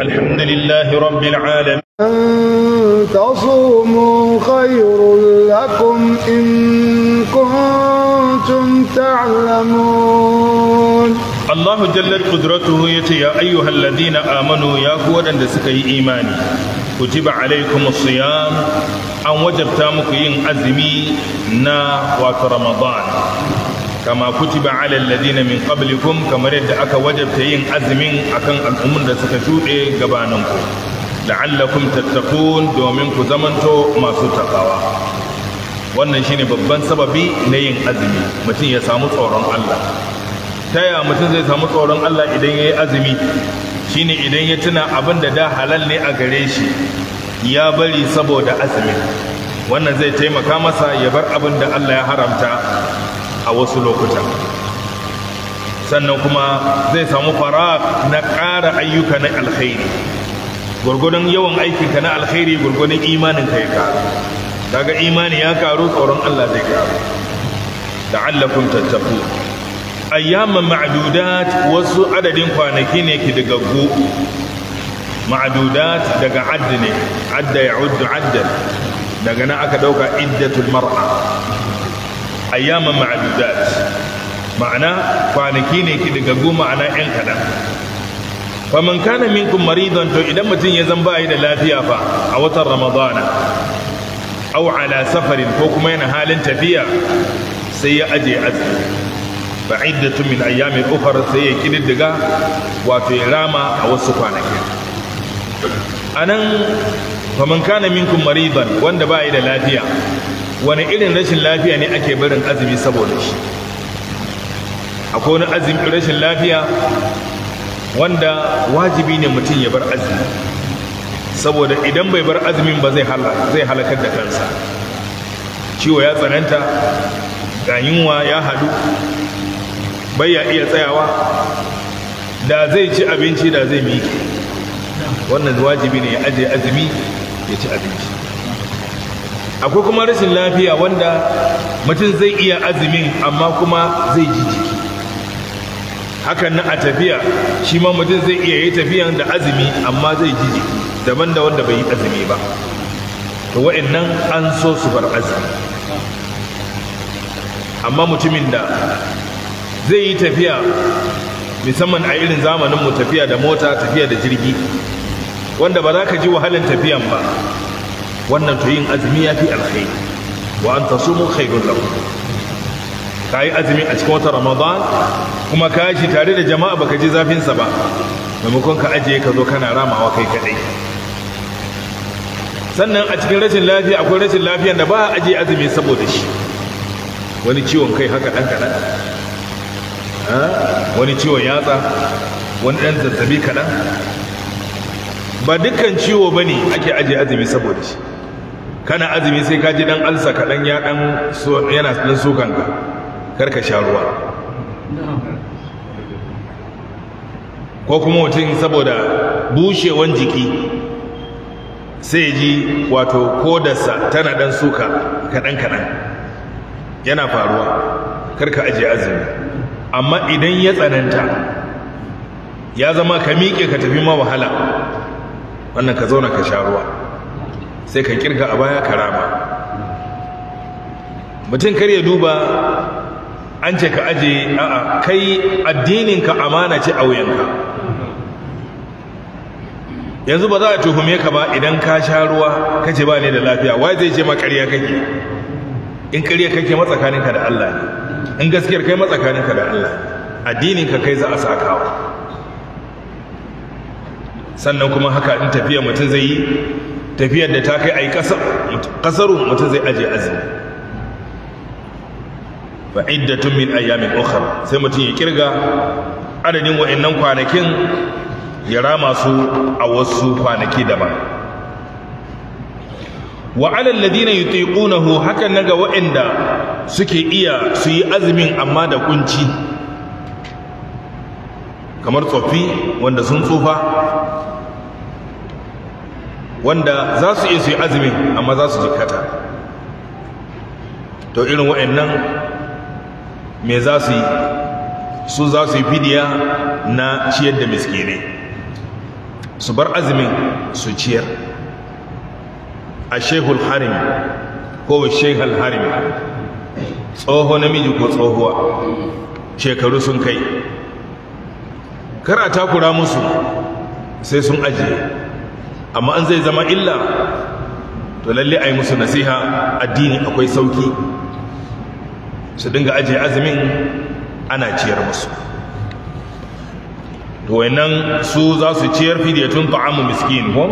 الحمد لله رب العالمين أن تصوموا خير لكم إن كنتم تعلمون الله جل قدرته يتي يا أيها الذين آمنوا يا قوة لسكي إيماني كتب عليكم الصيام أن وجبت مكين أزمي نا وات رمضان kama kutiba ala alladhina min qablikum kamar yadda aka wajabta yin azumin akan al'ummun da suka shuɗe gabaninku la'allakum tattaqun domin ku zamanto masu takawa wannan shine babban sababi na yin azumi mutum ya samu tsoron Allah ta yaya mutum zai samu tsoron Allah idan ya yi azumi shine idan ya tuna abin da da halal ne a gare shi ya bari saboda azumi wannan zai taimaka masa ya bar abin da Allah ya haramta a wasu lokuta sannan kuma zai samu fara na ƙara ayyuka na alkhairi gwargwadon yawan aikinka na alkhairi gwargwadon imaninka ya karu daga imani ya karu tsoron Allah zai karu la'allakum tattaku ayyaman ma'adudat wasu adadin kwanaki ne ki daga go ma'adudat daga add ne adda ya adda daga na aka dauka iddatul mar'a ayyama ma'adudat ma'ana kwanaki ne ki daga goma ana yan kaɗan man kana minkum maridan to idan mutum ya zamba yi da lafiya fa a watan ramadana aw ala safarin ko kuma yana halin tafiya sai ya aje azumi fa iddatu min ayyamin ukhra sai ya kididdiga wato ya rama a wasu kwanaki anan man kana minkum maridan wanda ba yi da lafiya wani irin rashin lafiya ne ake barin azumi saboda shi akwai wani azumi rashin lafiya wanda wajibi ne mutum ya bar azumi saboda idan bai bar azumin ba zai halakar da kansa ciwo ya tsananta ga yunwa ya hadu bai ya iya tsayawa da zai ci abinci da zai miƙe wannan wajibi ne ya aje azumi ya ci abinci akwai kuma rashin lafiya wanda mutum zai iya azumin amma kuma zai ji jiki hakan nan a tafiya shi ma mutum zai iya yi tafiyan da azumi amma zai ji jiki daban da wanda bai yi azumi ba to wa'annan an so su bar azumi amma mutumin da zai yi tafiya musamman a irin zamanin mu tafiya da mota tafiya da jirgi wanda ba za ka ji wahalar tafiyan ba wannan to yin azumi ya fi alkhairi wa an tasumu khairun lakum ka yi azumi a cikin wata ramadan kuma ka shi tare da jama'a baka ji zafinsa ba maimakon ka ajiye ka zo kana ramawa kai kadai sannan a cikin rashin lafiya akwai rashin lafiyan da ba a ajiye azumi saboda shi wani ciwon kai haka dan kaɗan wani ciwon yatsa wani ɗan zazzabi kaɗan ba dukkan ciwo ba ne ake ajiye azumi saboda shi kana azumi sai ka ji dan alsa kaɗan ya dan yana dan sukan ka kar ka sha ruwa ko kuma mutum saboda bushewan jiki sai ji wato kodarsa tana dan suka kadan-kadan yana faruwa kar ka ajiye azumi amma idan ya tsananta ya zama ka miƙe ka tafi ma wahala wannan ka zauna ka sha ruwa sai ka kirga a baya karama mutum kar ya duba an ce ka aje a'a kai addininka amana ce a wuyanka yanzu ba za a tuhume ka ba idan ka sha ruwa ka ce ba ne da lafiya wai zai ce ma kake in ƙarya kake matsakaninka da Allah ne in gaskiyar kai matsakaninka da Allah ka kai za a sakawa sannan kuma haka in tafiya mutum zai yi tafiyar da ta kai a yi ƙasarun mutum zai ajiye azumi fa tun min ayyamin ukhra sai mutum ya kirga adadin wa'annan kwanakin ya rama su a wasu kwanaki daban wa alal ladina yutiqunahu hakan na naga wa'anda suke iya su yi azumin amma da kunci kamar tsofi wanda sun tsufa wanda za su iya su yi azumin amma za su jikata to irin wa'annan me za su yi su za su yi fidiya na ciyar da miskinai su bar azumin su ciyar a shehul harim ko shehul harim tsoho namiji ko tsohuwa shekaru sun kai kar a takura musu sai sun ajiye amma an zai zama illa to lalle a yi musu nasiha addini akwai sauki su dinga ajiye azumin ana ciyar musu to wannan su za su ciyar fidiyatun ta'amu miskin ko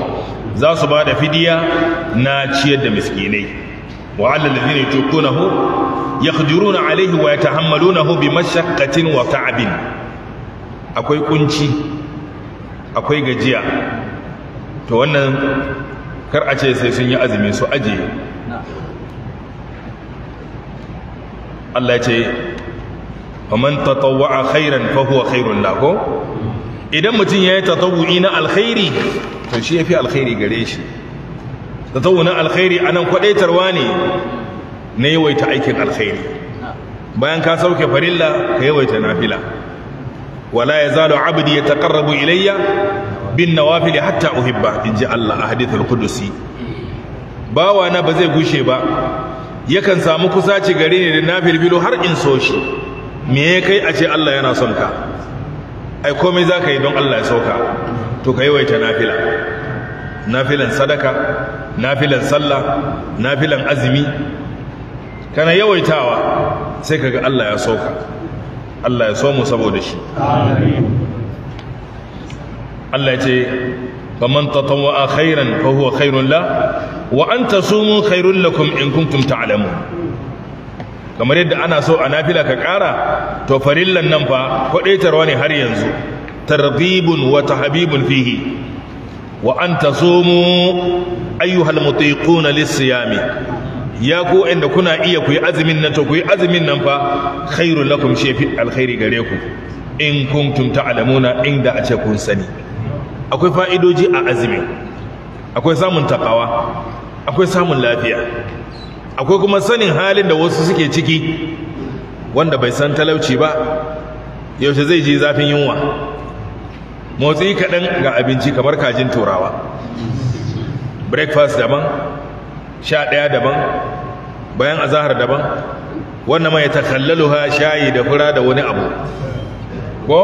za su ba da fidiya na ciyar da miskinai wa alal ladina yutukunahu yaqdiruna alayhi wa yatahammalunahu bi mashaqqatin wa ta'abin akwai kunci akwai gajiya to wannan kar a ce sai sun yi azumi su ajiye Allah ce faman a khairan fa khairun lahu idan mutum ya yi tatawwu'i na alkhairi to shi yafi alkhairi gare shi tatawwu na alkhairi anan kwadaitarwa ne na yawaita aikin alkhairi bayan ka sauke farilla ka yawaita nafila wala yazalu abdi karrabu ilayya bin nawafili hatta uhibba inji Allah a kudusi qudusi bawa na ba zai gushe ba yakan samu kusa kusaci gari ne da nafil har in so shi me ya kai a ce Allah yana son ka ai komai zaka yi don Allah ya sauka to ka yawaita nafila nafilan sadaka nafilan sallah nafilan azumi kana yawaitawa sai kaga Allah ya sauka Allah ya so mu saboda shi amin Allah ya ce faman tatawwa khairan fa huwa khairul la wa an tasumu khairul lakum in kuntum ta'lamun kamar yadda ana so a nafila ka ƙara to farillan nan fa kwadaitarwa ne har yanzu tarbibun wa tahbibun fihi wa an tasumu ayyuhal mutiquna lis-siyami ya ku inda kuna iya ku yi azumin nan to ku yi azumin nan fa khairul lakum shefi alkhairi gare ku in kuntum ta'lamuna inda a ce kun sani akwai fa'idoji a azumi akwai samun takawa akwai samun lafiya akwai kuma sanin halin da wasu suke ciki wanda bai san talauci ba yaushe zai je zafin yunwa motsi kaɗan ga abinci kamar kajin turawa breakfast daban sha ɗaya daban bayan azahar daban wannan mai ha shayi da fura da wani abu ko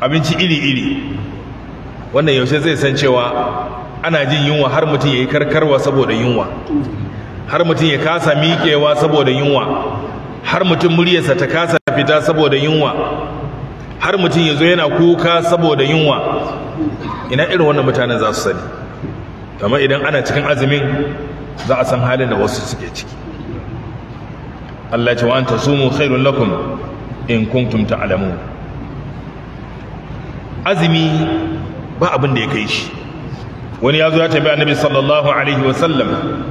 abinci iri-iri wannan yaushe zai san cewa ana jin yunwa har mutum ya yi karkarwa saboda yunwa har mutum ya kasa miƙewa saboda yunwa har mutum muryarsa ta kasa fita saboda yunwa har mutum ya zo yana kuka saboda yunwa ina irin wannan mutanen za su sani kamar idan ana cikin azumin za a san halin da wasu suke ciki Allah ce wa anta sumu khairun lakum in kuntum ta'lamun azumi ba abin da ya kai shi wani ya zo ya tabi annabi sallallahu alaihi wasallam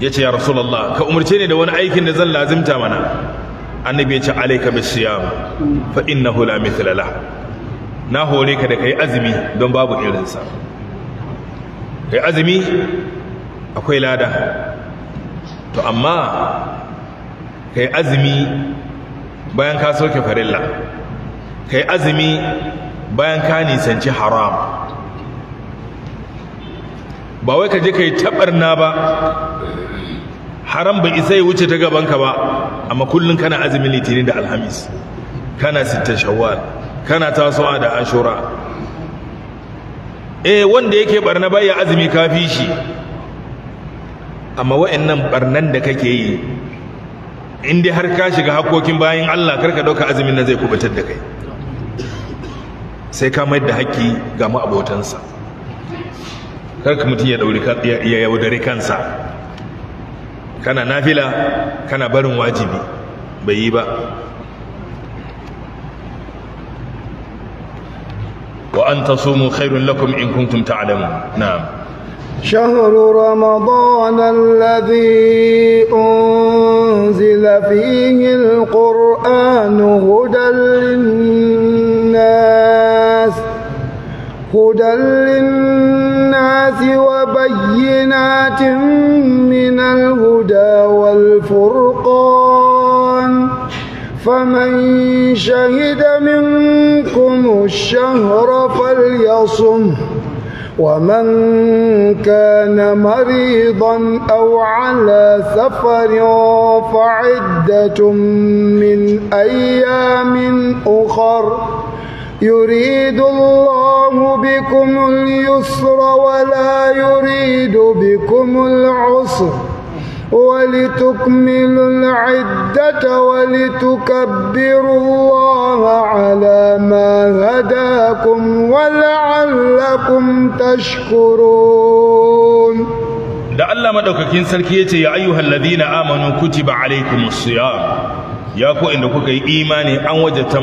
ya ce ya rasulallah ka umarce ni da wani aikin da zan lazimta mana annabi ya ce alaika bi siyam fa innahu la mithla la na hore ka da kai azumi don babu irinsa kai azumi akwai lada to amma kai azumi bayan ka soke farilla kai azumi bayan ka nisanci haram ba wai ka je ka yi taɓarna ba haram bai isa ya wuce ta gabanka ba amma kullum kana azumin litinin da alhamis kana sitta shawwal kana tasowa da ashura eh wanda yake barna baya azumi kafi shi amma wa'annan barnan da kake yi in dai har ka shiga hakokin bayan Allah karka dauka azumin na zai kubutar da kai sai ka mai da haƙƙi ga ma'abotansa kar ka mutun ya dauri ya yaudare kansa kana nafila kana barin wajibi bai yi ba wa anta sumu khairun lakum in kuntum ta'lamun na'am شهر رمضان الذي أنزل فيه القرآن هدى للناس هدى للناس وبينات من الهدى والفرقان فمن شهد منكم الشهر فليصم ومن كان مريضا أو على سفر فعدة من أيام أخر يريد الله بكم اليسر ولا يريد بكم العسر ولتكملوا العدة ولتكبروا الله على ما هداكم ولعلكم تشكرون لعل ما دوكاكين سركي يا ايها الذين امنوا كتب عليكم الصيام يا كو ان kuka yi imani an wajata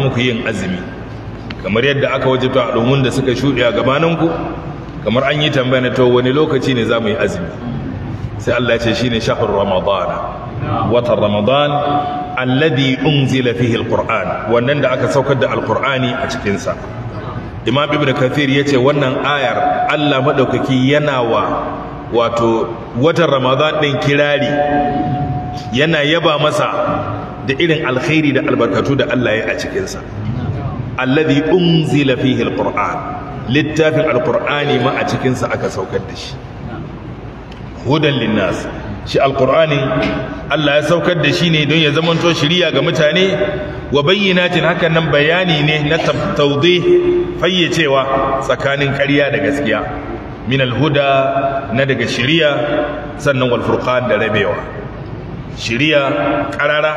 kamar yadda aka wajibta al'ummun da suka shuɗe a gabaninku kamar an yi tambaya to wani lokaci ne za mu yi azumi sai Allah ce shine shahar Ramadan. watan ramadan alladhi unzila fihi alquran wannan da aka saukar da alqurani a cikin sa imam ibn kathir yace wannan ayar Allah madaukaki yana wa wato watan ramadan din kirari yana yaba masa da irin alkhairi da albarkatu da Allah ya a cikin sa alladhi unzila fihi alquran littafin alqurani ma a cikin sa aka saukar da shi hudan linnas shi alqurani Allah ya saukar da shi ne don ya zamanto shiriya ga mutane wa bayyinatin hakan nan bayani ne na tawdih fayyacewa tsakanin ƙarya da gaskiya min alhuda na daga shiriya sannan wal furqan da rabewa shiriya karara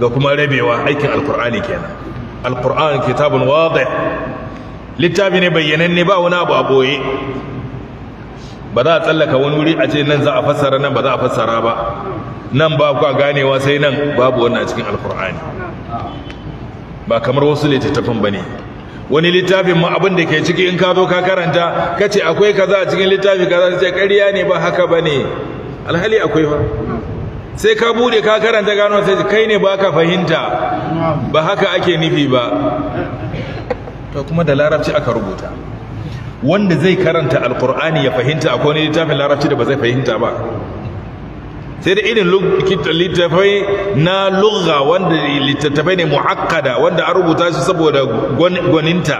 ga kuma rabewa aikin alqurani kenan alquran kitabun wadih littafi ne bayyananne ba wani abu a boye ba za a tsallaka wani wuri a ce nan za a fassara nan ba za a fassara ba nan ba kwa ganewa sai nan babu wannan a cikin alkur'ani ba kamar wasu littattafan ba ne wani littafin ma abin da ke ciki in ka zo ka karanta kace akwai kaza a cikin littafi kaza ce ƙarya ne ba haka ba ne alhali akwai ba sai ka bude ka karanta gano sai kai ne ba ka fahimta ba haka ake nufi ba to kuma da larabci aka rubuta wanda zai karanta alkur'ani ya fahimta akwai wani littafin larabci da ba zai fahimta ba sai da irin littattafai na lugha wanda littattafai ne muhakkada wanda an rubuta shi saboda gwaninta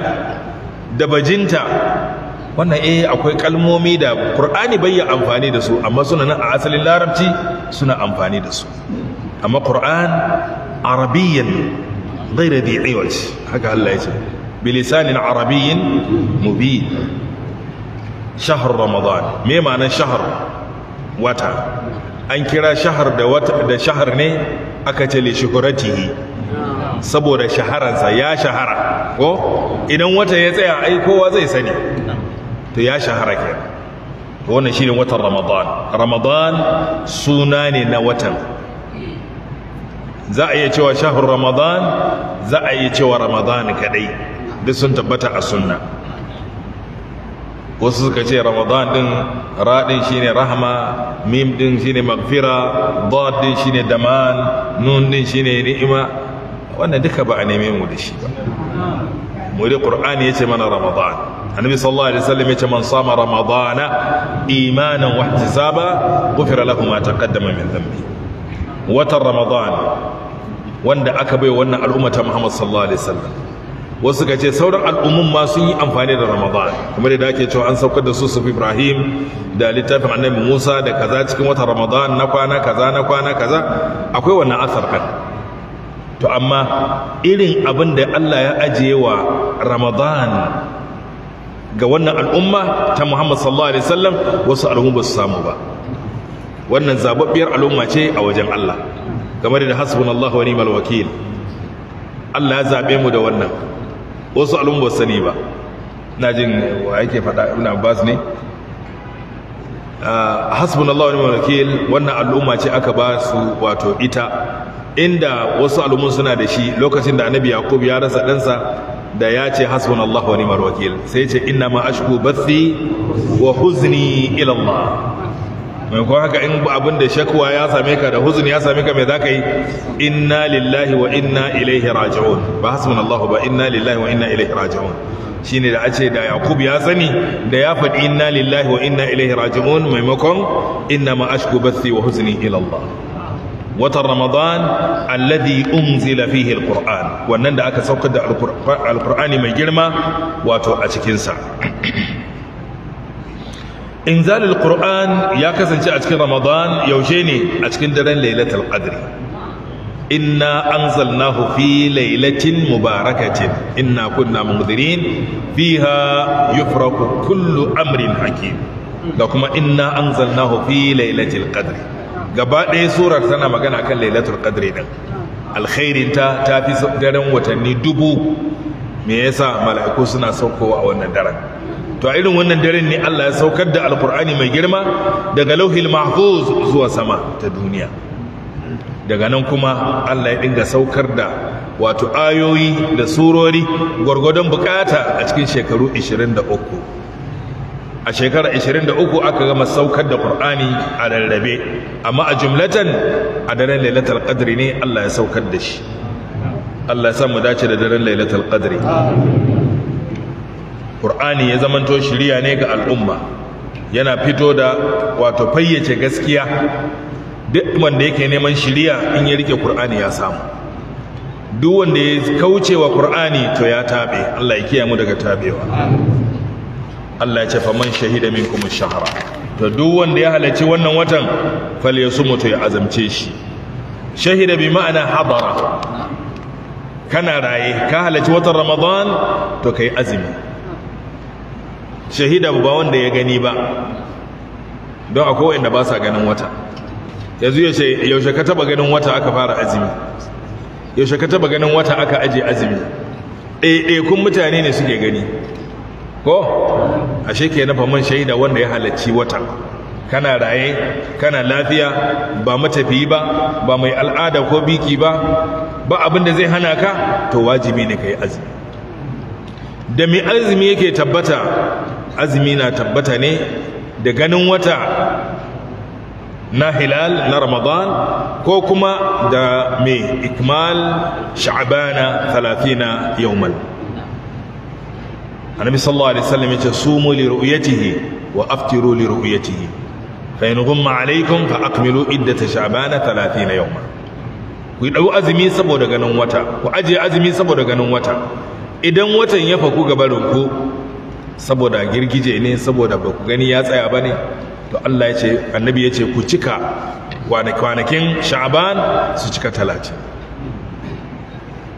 da bajinta wannan eh akwai kalmomi da qur'ani bai amfani da su amma suna a asalin larabci suna amfani da su amma qur'an arabiyyan ghayra dhi iwaj haka Allah ya ce bilisanin arabiyyin mubin shahar ramadan me ma'anar shahar wata an kira shahar da wata da shahar ne aka ce li saboda shahararsa ya shahara ko idan wata ya tsaya ai kowa zai sani to ya shahara ke to wannan shine watan ramadan ramadan suna ne na watan za a iya cewa shahar ramadan za a iya cewa ramadan kadai duk sun tabbata a sunna wasu suka ce ramadan din raɗin shine rahma mim din shine magfira dad din shine daman nun din shine ni'ima wannan duka ba a neme mu da shi ba mu da qur'ani yace mana ramadan annabi sallallahu alaihi wasallam yace man sama ramadana imanan wa ihtisaba ghufira lahu ma taqaddama min dhanbi watan ramadan wanda aka bai wannan al'umma ta muhammad sallallahu alaihi wasallam wasu ka ce sauran al'ummun ma sun yi amfani da ramadan kuma da ake cewa an saukar da su su ibrahim da littafin annabi musa da kaza cikin watan ramadan na kwana kaza na kwana kaza akwai wannan asar kan to amma irin abin da allah ya ajiye wa ramadan ga wannan al'umma ta muhammad sallallahu alaihi wasallam wasu al'umma ba su samu ba wannan zababbiyar al'umma ce a wajen Allah kamar da hasbunallahu wa ni'mal wakil Allah ya zabe mu da wannan wasu al'umma sani ba Ina jin wa yake faɗa ibn Abbas ne ah, hasbunallahu wa ni'mal wakil wannan al'umma ce aka ba su wato ita inda wasu al'ummun suna da shi lokacin da annabi yaqub ya rasa ɗansa da ya ce hasbunallahu wa ni'mal wakil sai ya ce inna ma ashku bathi wa huzni ila Allah mai kuma haka in abin da shakwa ya same ka da huzun ya same ka mai za ka yi inna lillahi wa inna ilaihi raji'un ba hasbun Allah ba inna lillahi wa inna ilaihi raji'un shine da ace da Yakub ya sani da ya faɗi inna lillahi wa inna ilaihi raji'un maimakon inna ma ashku bathi wa huzni ila Allah watan ramadan alladhi unzila fihi alquran wannan da aka saukar da alqur'ani mai girma wato a cikin sa inzalul qur'an ya kasance a cikin ramadan yaushe ne a cikin daren lailatul qadri inna anzalnahu fi Laylatin mubarakatin inna kunna munzirin fiha yufraku kullu amrin hakim ga kuma inna anzalnahu fi lailatul qadri gaba ɗaya surar tana magana kan lailatul qadri din alkhairin ta tafi daren watanni dubu me yasa mala'iku suna saukowa a wannan daren to a irin wannan daren ne Allah ya saukar da alkur'ani mai girma daga lauhil mahfuz zuwa sama ta duniya daga nan kuma Allah ya dinga saukar da wato ayoyi da surori gwargwadon bukata a cikin shekaru 23 a shekara 23 aka gama saukar da qur'ani a rarrabe amma a jumlatan a daren lailatul qadri ne Allah ya saukar da shi Allah ya sa mu dace da daren lailatul qadri amin Qur'ani ya zamanto shiriya ne ga al'umma yana fito da wato fayyace gaskiya duk wanda yake neman shiriya in ya rike Qur'ani ya samu duk wanda ya kauce wa Qur'ani to ya taɓe Allah ya kiyaye mu daga tabewa. Allah ya ce fa man shahida minkum shahara to duk wanda ya halarci wannan watan falyasumu to ya azamce shi shahida bi ma'ana hadara kana raye ka halarci watan ramadan to kai azumi shahida ba wanda ya gani ba don akwai wanda ba sa ganin wata yanzu yaushe ka taba ganin wata aka fara azumi yaushe ka taba ganin wata aka aje azumi eh, eh, kun mutane ne suke gani ko ashe ke na faman shahida wanda ya halarci wata kana raye kana lafiya ba matafiyi ba ba mai al'ada ko biki ba ba abin da zai hana ka to wajibi ne ka yi azumi da mai azumi yake tabbata azumi na tabbata ne da ganin wata na hilal na ramadan ko kuma da mai ikmal sha'abana talatina yawmal annabi sallallahu alaihi wasallam yace sumu li ru'yatihi wa aftiru li ru'yatihi fa in ghumma alaykum fa akmilu iddata sha'bana 30 yawma ku dau azumi saboda ganin wata ku aje azumi saboda ganin wata idan watan ya faku gabarin ku saboda girgije ne saboda ba ku gani ya tsaya ba ne to Allah ya ce annabi ya ce ku cika kwanakin sha'aban su cika talatin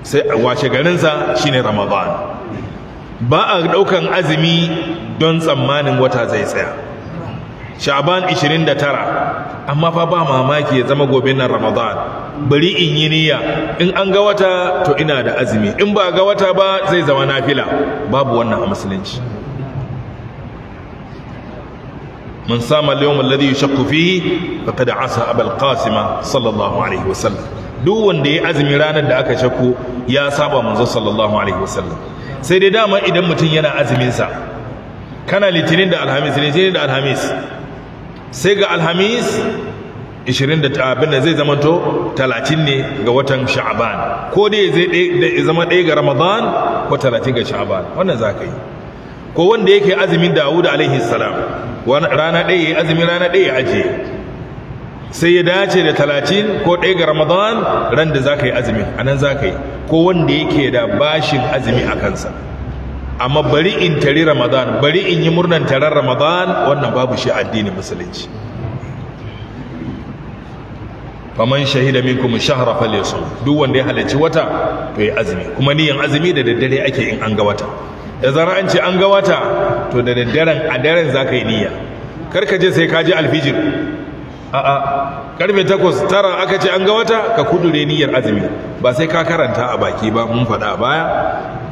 sai a washe garinsa shine ramadan ba a ɗaukan azumi don tsammanin wata zai tsaya sha'aban 29 amma fa ba mamaki ya zama gobe nan ramadan bari in yi niyya in an ga wata to ina da azumi in ba ga wata ba zai zama nafila babu wannan a musulunci من صام اليوم الذي يشق فيه فقد عصى أبا القاسم صلى الله عليه وسلم duk wanda ya azumi ranar da aka shakku ya saba manzo sallallahu alaihi wasallam sai dai dama idan mutum yana azumin sa kana litinin da alhamis litinin da alhamis sai ga alhamis 20 da abin da zai zama to ne ga watan sha'ban ko dai zai zama ɗaya ga ramadan ko ga wannan za ka yi ko wanda azumin dawud salam rana ɗaya ya azumi rana ɗaya ya ajiye sai ya dace da talatin ko ɗaya ga ramadan ran da za ka yi azumi a nan za ka yi ko wanda yake da bashin azumi a kansa amma bari in tari ramadan bari in yi murnan taron ramadan wannan babu shi addinin musulunci faman shahida minkum shahra falyasum duk wanda ya halarci wata to ya azumi kuma niyan azumi da daddare ake in an ga wata da zara an ce an ga wata to da daddaren a daren za ka yi niyya karka je sai ka ji alfijir a'a karfe takwas tara aka ce an ga wata ka kudure niyyar azumi ba sai ka karanta a baki ba mun faɗa a baya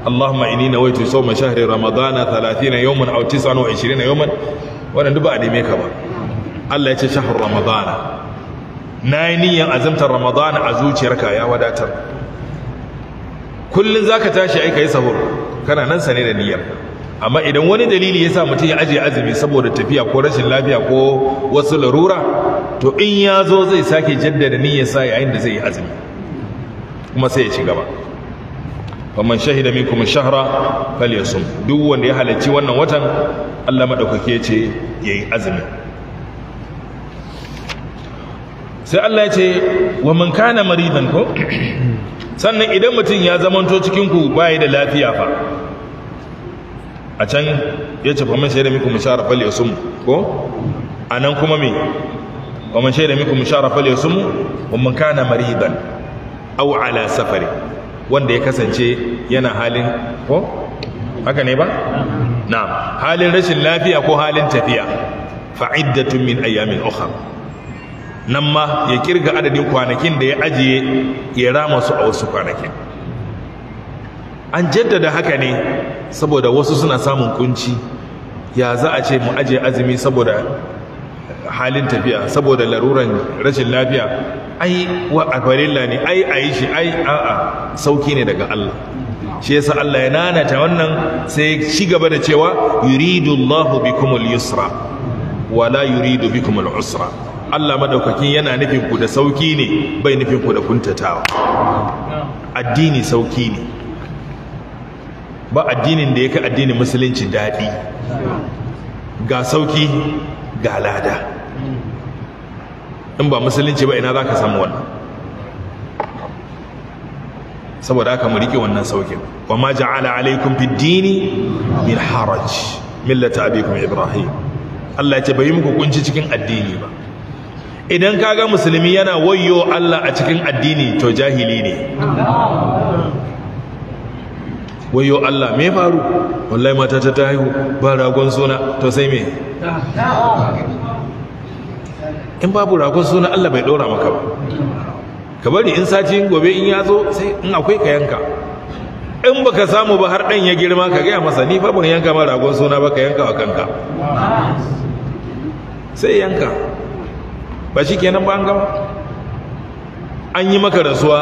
Allahumma inni nawaitu sawma shahri ramadana 30 yawman aw 29 yawman wannan duk ba a neme ka ba Allah ya ce shahar ramadana na yi niyyar azumtar ramadana a zuciyarka ya wadatar kullun zaka tashi ai kai sahur kana nan sane da niyyar amma idan wani dalili ya sa mutum ya ajiye azumi saboda tafiya ko rashin lafiya ko wasu larura to in ya zo zai sake jaddada niyyar sa yayin da zai yi azumi kuma sai ya ci gaba faman shahida minkum shahra falyasum duk wanda ya halarci wannan watan Allah madaukake ya ce yayi azumi sai Allah ya ce wa man kana maridan ko sannan idan mutum ya zamanto cikin ku bai da lafiya fa a can ya ce fa man shaida miku musharaf fal yasum ko anan kuma me wa man shaida miku musharaf fal yasum wa man kana maridan aw ala safari wanda ya kasance yana halin ko haka ne ba na'am halin rashin lafiya ko halin tafiya fa'iddatu min ayyamin ukhra nan ma ya kirga adadin kwanakin da ya ajiye ya rama su a wasu kwanakin an jaddada haka ne saboda wasu suna samun kunci ya za a ce mu ajiye azumi saboda halin tafiya saboda laruran rashin lafiya ai wa akwarilla ne ai a yi shi ai a'a sauki ne daga Allah shi yasa Allah ya nanata wannan sai ya ci gaba da cewa yuridullahu bikumul yusra wala yuridu bikumul usra Allah madaukakin yana nufin ku da sauki ne bai nufin ku da kuntatawa addini sauki ne ba addinin da yake addinin musulunci daɗi ga sauki ga lada in ba musulunci ba ina za ka samu wannan saboda haka mu rike wannan saukin wa ma ja'ala alaikum fid dini min haraj millata abikum ibrahim Allah ya ce bai muku kunci cikin addini ba idan kaga musulmi yana wayo Allah a cikin addini to jahili ne Wayo Allah me faru wallahi mata ta ta haihu ba ragon suna to sai me in babu ragon suna Allah bai dora maka ba ka bari in sati gobe in ya zo sai in akwai ka yanka in baka samu ba har dan ya girma ka gaya masa ni fa ban yanka ma ragon suna ba ka yanka wa kanka sai yanka ba shi kenan ba an gama an yi maka rasuwa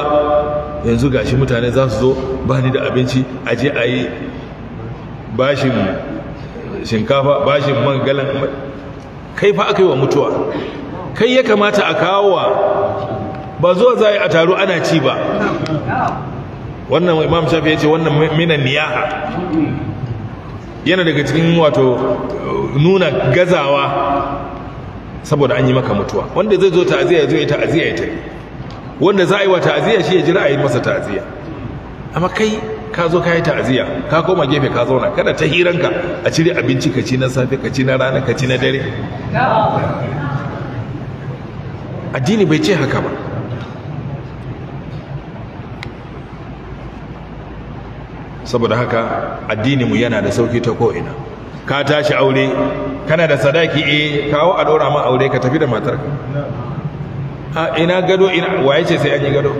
yanzu gashi mutane za su zo ba ni da abinci a je a yi bashin shinkafa bashin man galan kai fa aka yi wa mutuwa kai ya kamata a kawo wa ba zuwa za a taru ana ci ba wannan imam shafi ya ce wannan minan niyaha yana daga cikin wato nuna gazawa saboda an yi maka mutuwa wanda zai zo ta'aziyya ya zo ya ta'aziyya ya tafi wanda za a yi wa ta'aziyya shi ya jira a yi masa ta'aziyya amma kai ka zo ka yi ta'aziyya ka koma gefe ka zauna kada ta hiranka a cire abinci ka ci na safe ka ci na rana ka ci na dare addini bai ce haka ba saboda haka mu yana da sauki ta ko'ina ka tashi aure kana da sadaki eh kawo a dora ma aure ka tafi da matarka a ina gado ina waye ce sai an yi gado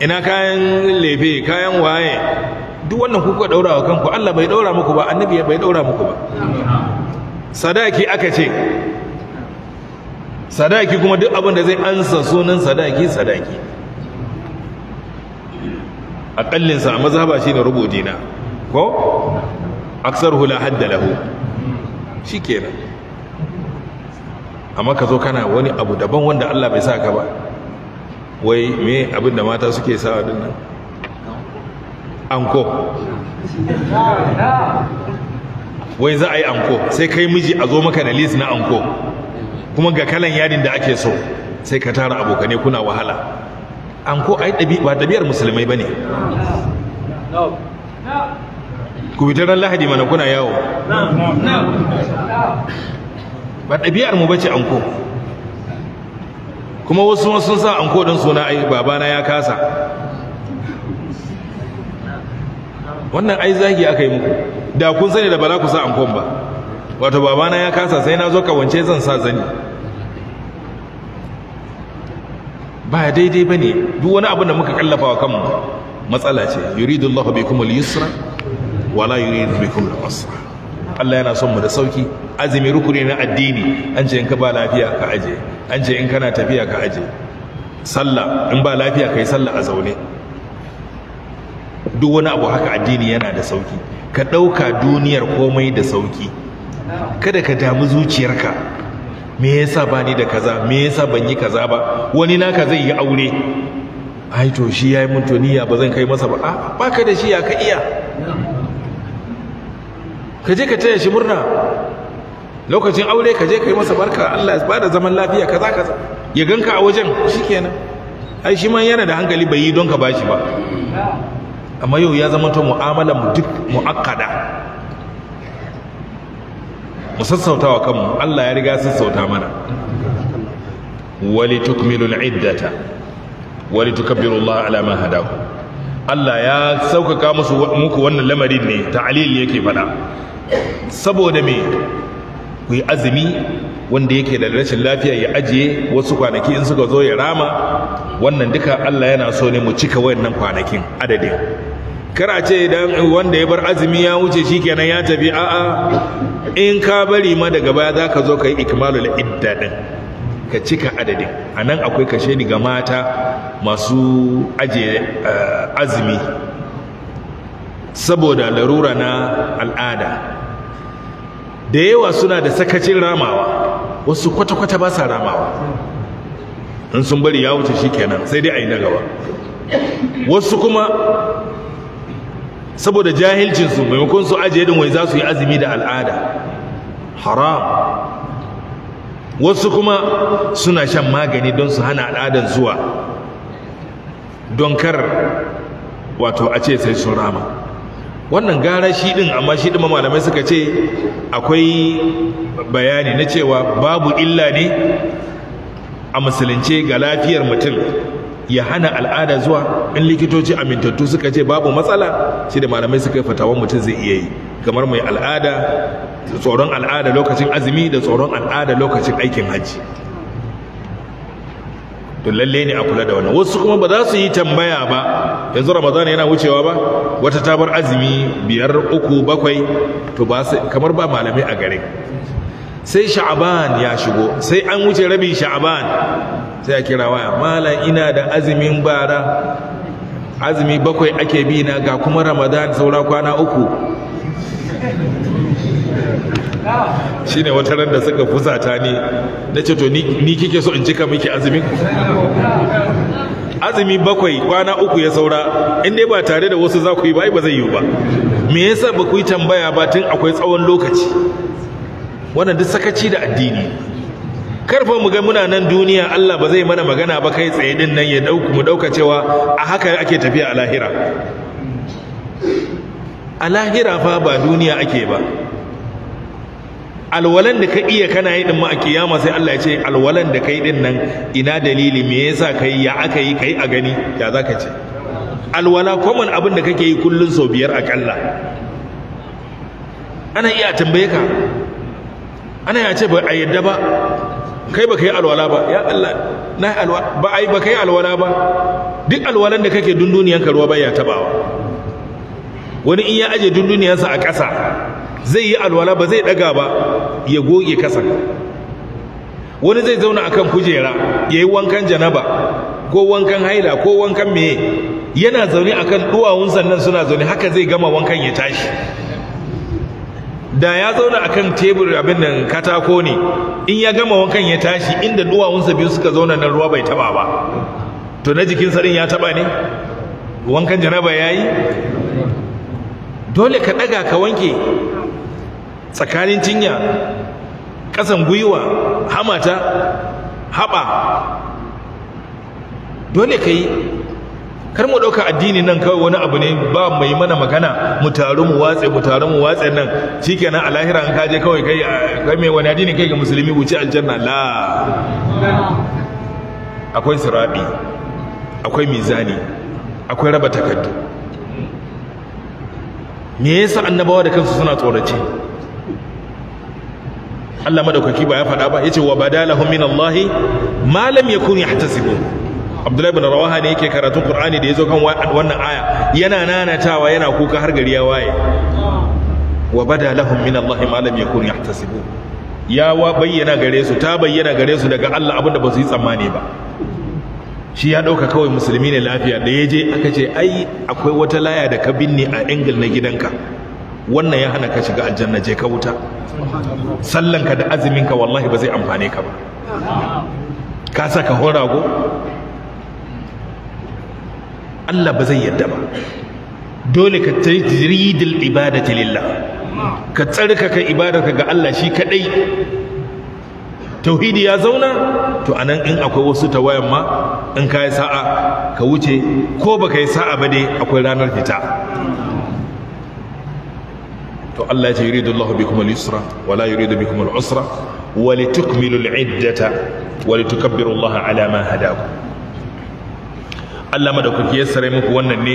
ina kayan lefe kayan waye duk wannan kuka daura wa kanku Allah bai daura muku ba annabi bai daura muku ba sadaki aka ce sadaki kuma duk abin da zai ansa sunan sadaki sadaki aƙallinsa sa mazhaba shi ne rubutina ko aksar hula hadda lahu shi kenan amma ka zo kana wani abu daban wanda Allah bai sa ka ba wai me abin da mata suke sa a dinnan anko wai za a yi anko sai kai miji a zo maka da list na anko kuma ga kalan yadin da ake so sai ka tara abokane kuna wahala anko ai ba ɗabiyar musulmai bane ku fita lahadi mana kuna yawo ba ɗabi'ar mu bace anko kuma wasu wasu sun sa anko don suna ai babana ya kasa wannan ai zagi aka yi muku da kun sani da bala ku sa ankon ba wato babana ya kasa sai na zo kawance zan sa zani ba daidai ba ne duk wani abin da muka kallafa wa kanmu matsala ce yuridullahu bikum al-yusra wala da bai kuma usra Allah yana son mu da sauki azumi rukuni na addini an ce in ka ba lafiya ka aje an ce in kana tafiya ka aje sallah in ba lafiya kai sallah a zaune duk wani abu haka addini yana da sauki ka ɗauka duniyar komai da sauki kada ka damu zuciyarka me yasa ba ni da kaza me yasa ban yi kaza ba wani naka zai yi aure ai to shi yayi mun to niyya ba zan kai masa ba a baka da shi ya ka iya ka je ka taya shi murna lokacin aure ka je ka yi masa barka Allah ya bada zaman lafiya kaza kaza ya ganka a wajen shikenan ai shi man yana da hankali bai yi don ka bashi ba amma yau ya zama ta mu'amala mu duk mu'akkada mu sassautawa kanmu Allah ya riga sassauta mana wali tukmilul iddata wali tukabbiru Allah ala ma hadaku Allah ya sauƙaƙa musu muku wannan lamarin ne ta'alil yake faɗa saboda me kuyi azumi wanda yake da rashin lafiya ya ajiye wasu kwanaki in suka zo ya rama wannan duka Allah yana so ne mu cika wayannan kwanakin adadin a ce idan wanda ya bar azumi ya wuce shikenan ya tafi a'a in ka bari ma daga baya za ka zo ka yi ikmalul idda din ka cika adadin a nan akwai kashe ni ga mata masu ajiye eh, azumi saboda larura na al'ada da yawa suna da sakacin ramawa wasu kwata-kwata ba sa ramawa in sun bari ya wuce shi kenan sai dai a yi na gaba wasu kuma saboda jahilcinsu maimakon su ajiye din wai za su yi azumi da al'ada haram wasu kuma suna shan magani don su hana al'adan zuwa don kar wato a ce sai sun rama wannan gara shi din amma shi din malamai suka ce akwai bayani na cewa babu illa ne a musulunce ga lafiyar mutum ya hana al'ada zuwa in likitoci amintattu suka ce babu matsala shi da malamai suka yi fatawan mutum zai iya yi kamar mai al'ada tsoron al'ada lokacin azumi da tsoron al'ada lokacin aikin hajji to lalle ne a kula da wannan wasu kuma ba za su yi tambaya ba yanzu ramadan yana wucewa ba wata ta bar azumi biyar uku bakwai to ba kamar ba malamai a gare sai sha'aban ya shigo sai an wuce rabin sha'aban sai a kira waya malam ina da azumin bara azumi bakwai ake bi na ga kuma ramadan saura kwana uku shine wata ran da suka fusata ni ce to ni kike so in cika miki azumin azumi bakwai kwana uku ya saura in dai ba tare da wasu za yi ba ba zai yi ba me yasa ba ku yi tambaya ba tun akwai tsawon lokaci wannan duk sakaci da addini karfa mu ga muna nan duniya Allah ba zai mana magana ba kai tsaye din nan ya dauku mu dauka cewa a haka ake tafiya a lahira a lahira fa ba duniya ake ba alwalan da ka iya kana yi din ma a kiyama sai Allah ya ce alwalan da kai din nan ina dalili me yasa kai ya aka yi kai a gani ya zaka ce alwala common abin da kake yi kullun sau biyar kalla ana iya tambaye ka ana ya ce ba a yadda ba kai baka yi alwala ba ya Allah na alwa ba ai ba kai alwala ba duk alwalan da kake dunduniyan ka ruwa ya tabawa wani in ya aje dunduniyansa a ƙasa zai yi alwala ba zai daga ba ya goge kasa wani zai zauna akan kujera ya yi wankan janaba ko wankan haila ko wankan meye yana zaune akan duwawun sannan suna zaune haka zai gama wankan ya tashi da ya zauna akan tebur abin nan katako ne in ya gama wankan ya tashi inda duwawunsa biyu suka zauna nan ruwa bai taba ba to na jikin sarin ya taba ne wankan janaba ya yi dole ka daga ka wanke tsakanin cinya ƙasan gwiwa hamata haɓa dole ka yi kar mu ɗauka addini nan kawai wani abu ne ba mai mana magana mu taru mu watse mu taru mu watse nan shikenan a lahira an kaje kawai kai kai mai wani addini kai ga musulmi wuce aljanna la akwai sirabi akwai mizani akwai raba takaddu me yasa annabawa da kansu suna tsorace Allah madaukaki ba ya faɗa ba yace wa badalahum min Allah ma lam yakun yahtasibu Abdullahi bin Rawaha ne yake karatun Qur'ani da yazo kan wannan aya yana nanatawa yana kuka har gari ya waye wa badalahum min Allah ma lam yakun yahtasibu ya wa bayyana gare su ta bayyana gare su daga Allah abinda ba su yi tsammani ba shi ya ɗauka kawai musulmi ne lafiya da ya je aka ce ai akwai wata laya da ka binne a angle na gidanka wannan ya hana ka shiga aljanna je ka wuta sallanka da azuminka wallahi ba zai amfane ka ba ka saka horago Allah ba zai yadda ba dole ka tajridil ibadati lillah ka tsarkaka ibadarka ga Allah shi kadai tauhidi ya zauna to anan in akwai wasu tawayan ma in kai sa'a ka wuce ko baka yi sa'a ba dai akwai ranar fita to Allah ya ce yuridu Allahu bikum al-yusra wa la yuridu bikum al-usra wa litukmilu al-iddata wa litukabbiru Allah ala ma hadakum Allah madaukaki ya sare muku wannan ne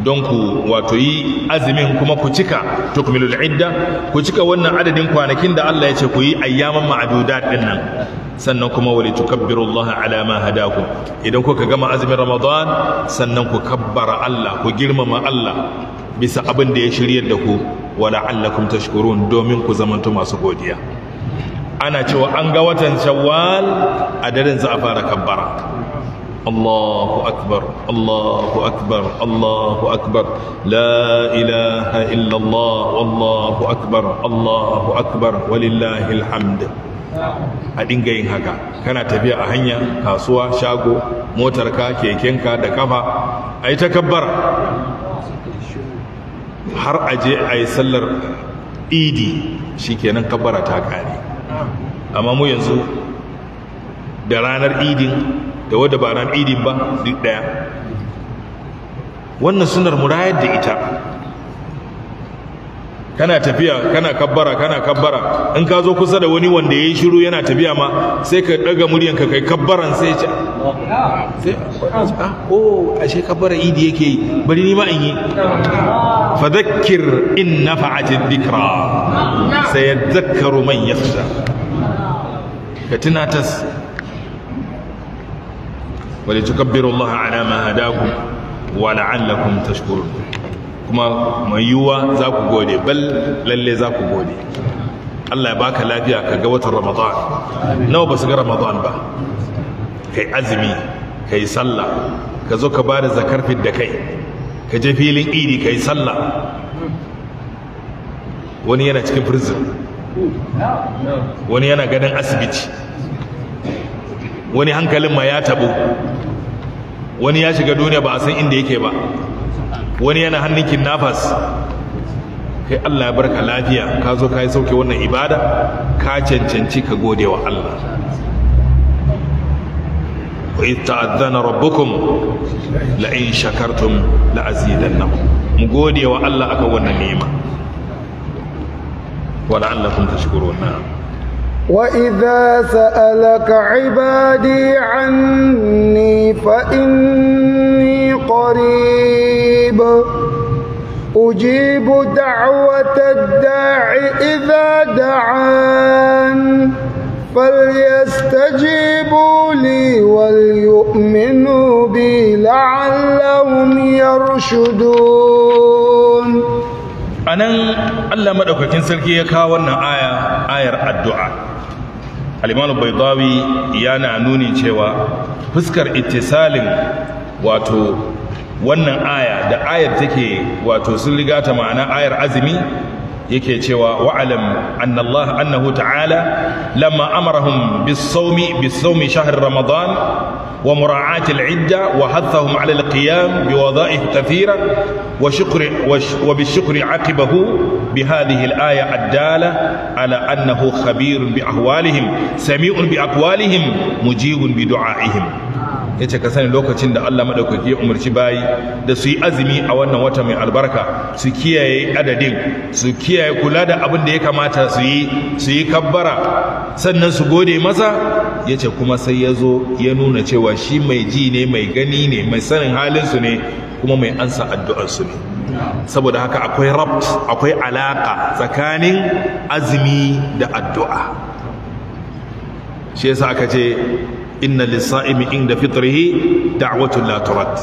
don ku wato yi azumin kuma ku cika tukmilul idda ku cika wannan adadin kwanakin da Allah ya ce ku yi ayyaman ma'adudat din nan sannan kuma wali tukabbirullaha ala ma hadakum idan kuka gama azumin ramadan sannan ku kabbara Allah ku girmama Allah bisa abin da ya shirya da ku wala allakum tashkurun domin ku zamanto masu godiya ana cewa an ga watan shawwal a daren za a fara kabbara الله أكبر الله أكبر الله أكبر لا إله إلا الله والله أكبر الله أكبر ولله a dinga yin haka kana tafiya a hanya kasuwa shago motarka kekenka da kafa ai takabbar har a je a yi sallar idi shi kenan kabbara ta kare amma mu yanzu da ranar idin da wadda ba ranar idin ba duk daya wannan sunar murayar da ita kana tafiya kana kabbara kana kabbara in ka zo kusa da wani wanda ya yi shiru yana tafiya ma sai ka daga muryan ka kai kabbaran sai ce ah, o oh, ashe kabbara idi yake yi bari ni ma in yi zakkir in adh dhikra sayadhakkaru man yakhsha ka tunatas tukabbiru allaha ala ma hadakum wa la'allakum tashkurun kuma mai yiwuwa za ku gode bal lalle za ku gode Allah ya baka lafiya ka ga watan Ramadan nawa ba su ga Ramadan ba kai azumi kai sallah ka zo ka bada zakar da kai ka je filin idi kai sallah wani yana cikin prison wani yana ganin asibiti wani hankalin ma ya tabo wani ya shiga duniya ba a san inda yake ba wani yana hannun kidnappers kai Allah ya barka lafiya ka zo ka yi sauke wannan ibada ka cancanci ka gode wa Allah wa idh ta'adhana rabbukum la in shakartum la mu gode wa Allah akan wannan ni'ima wa la'allakum tashkuruna وإذا سألك عبادي عني فإني قريب أجيب دعوة الداع إذا دعان فليستجيبوا لي وليؤمنوا بي لعلهم يرشدون أنا الله مدوكاكين سلكي يكاونا آية آية الدعاء alimanu bai yana nuni cewa fuskar itisalin wato wannan aya da ayar take wato sun riga ta ma'ana ayar azumi yake cewa wa'alam Allah annahu ta'ala lamma amarahum bis-sawmi bis-sawmi shahr ramadan wa mura'ati al-idda wa hathahum 'ala al-qiyam bi wada'ih kathira wa shukri wa bi-shukri 'aqibahu bi hadhihi al-aya ad-dala 'ala annahu khabirun bi ahwalihim sami'un bi aqwalihim mujibun bi du'a'ihim ya ce ka lokacin da Allah maɗaukaki ya umarci bayi da su yi azumi a wannan wata mai albarka su kiyaye adadin su kiyaye kula da abin da ya kamata su yi su yi kabbara sannan su gode masa ya ce kuma sai ya zo ya nuna cewa shi mai ji ne mai gani ne mai sanin halinsu ne kuma mai ansa su ne saboda haka akwai rabt akwai alaka tsakanin azumi da addu'a shi yasa aka ce inna lissa'imi inda fitrihi da'watun la turat.